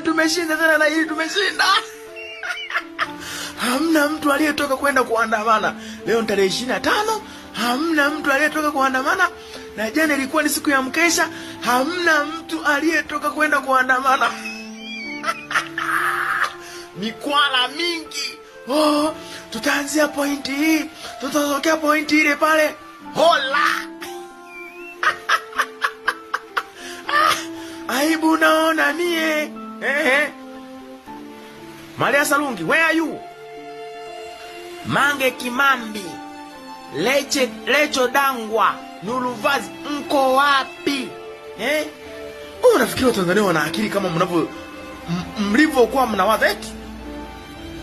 Tumeshinda tena na hili tumeshinda. Hamna mtu aliyetoka kwenda kuandamana leo ni tarehe ishirini na tano. Hamna mtu aliyetoka kuandamana, na jana ilikuwa ni siku ya mkesha. Hamna mtu aliyetoka kwenda kuandamana. Mikwala mingi. Oh, tutaanzia pointi hii, tutatokea pointi ile pale. Hola! Ah, aibu naona mie. Ehe. Maria Salungi, where are you? Mange Kimambi, Leche, Lecho Dangwa, Nuluvazi, mko wapi? Eh? Unafikiri Watanzania wana akili kama mnavyo mlivyokuwa mnawaza eti?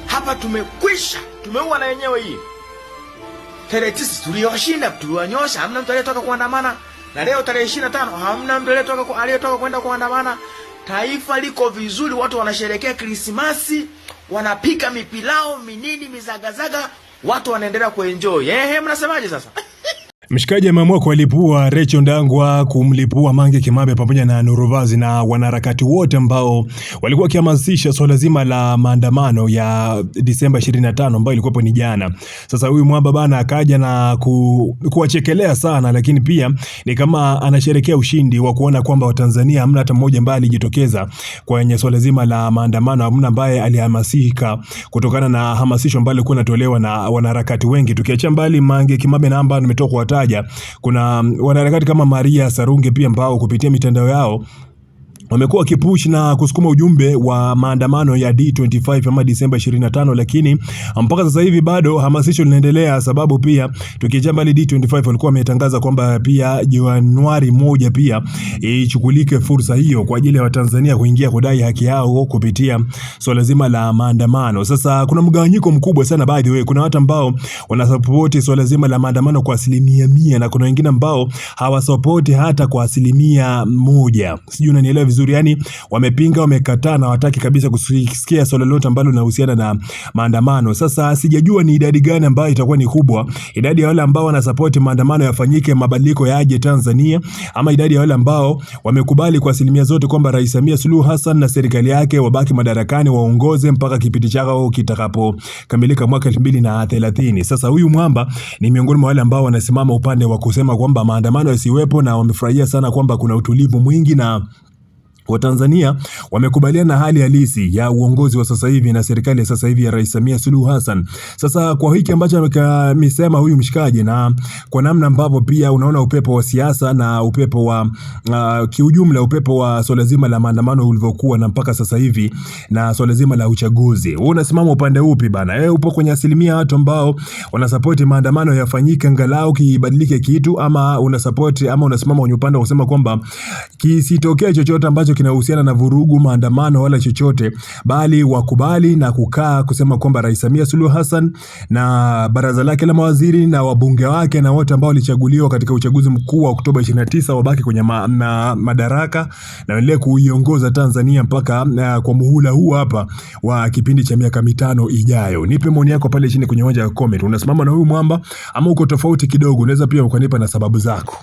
Hapa tumekwisha, tumeua na yenyewe hii. Tarehe tisa tuliwashinda, tuliwanyosha, hamna mtu aliyetoka kuandamana. Na leo tarehe 25 hamna mtu aliyetoka aliyetoka kwenda kuandamana. Taifa liko vizuri, watu wanasherekea Krismasi, wanapika mipilao minini, mizagazaga, watu wanaendelea kuenjoy. Ehe, mnasemaje sasa? Mshikaji ameamua kuwalipua Recho Ndangwa, kumlipua Mange Kimambe pamoja na Nuruvazi na wanaharakati wote ambao walikuwa wakihamasisha swala so zima la maandamano ya Disemba 25 ambayo ilikuwepo ni jana. Sasa huyu mwamba bana akaja na ku, kuwachekelea sana, lakini pia ni kama anasherekea ushindi wa kuona kwamba Watanzania hamna hata mmoja ambaye alijitokeza kwenye swala so zima la maandamano, hamna ambaye alihamasika kutokana na hamasisho ambalo lilikuwa linatolewa na wanaharakati wengi, tukiacha mbali Mange Kimambe na ambao nimetoka kutaja. Kuna um, wanaharakati kama Maria Sarungi pia ambao kupitia mitandao yao wamekuwa wakipush na kusukuma ujumbe wa maandamano ya D25 ama Disemba 25, lakini ah, mpaka sasa hivi bado hamasisho linaendelea, sababu pia tukiacha mbali D25 walikuwa wametangaza kwamba pia Januari moja pia ichukulike fursa hiyo kwa ajili ya Watanzania kuingia kudai haki yao kupitia swala so zima la maandamano. Sasa kuna mgawanyiko mkubwa sana, by the way, kuna watu ambao wanasapoti swala so zima la maandamano kwa asilimia mia na kuna wengine ambao hawasapoti hata kwa asilimia moja. Sijui unanielewa vizuri vizuri, yani wamepinga, wamekataa na wataki kabisa kusikia swala lolote ambalo linahusiana na maandamano. Sasa sijajua ni idadi gani ambayo itakuwa ni kubwa, idadi ya wale ambao wanasapoti maandamano yafanyike, mabadiliko yaje Tanzania, ama idadi ya wale ambao wamekubali kwa asilimia zote kwamba Rais Samia Suluhu Hassan na serikali yake wabaki madarakani, waongoze mpaka kipindi chao kitakapokamilika mwaka 2030. Sasa huyu mwamba ni miongoni mwa wale ambao wanasimama upande wa kusema kwamba maandamano yasiwepo, na wamefurahia sana kwamba kuna utulivu mwingi na Watanzania wamekubaliana na hali halisi ya uongozi wa sasa hivi na serikali ya sasa hivi ya Rais Samia Suluhu Hassan. Sasa kwa hiki ambacho amesema huyu mshikaji na kwa namna ambavyo pia unaona upepo wa siasa na upepo wa uh, kiujumla upepo wa swala zima la maandamano ulivyokuwa na mpaka sasa hivi na swala zima la uchaguzi. Wewe unasimama upande upi bana? Wewe upo kwenye asilimia watu ambao wanasapoti maandamano yafanyike angalau kibadilike kitu ama una support ama unasimama kwenye upande wa kusema kwamba kisitokee chochote ambacho kinahusiana na vurugu, maandamano wala chochote, bali wakubali na kukaa kusema kwamba Rais Samia Suluhu Hassan na baraza lake la mawaziri na wabunge wake na wote ambao walichaguliwa katika uchaguzi mkuu wa Oktoba 29 wabaki kwenye ma, na, madaraka na waendelee kuiongoza Tanzania mpaka na, kwa muhula huu hapa wa kipindi cha miaka mitano ijayo. Nipe maoni yako pale chini kwenye uwanja wa comment. Unasimama na huyu mwamba ama uko tofauti kidogo? Unaweza pia ukanipa na sababu zako.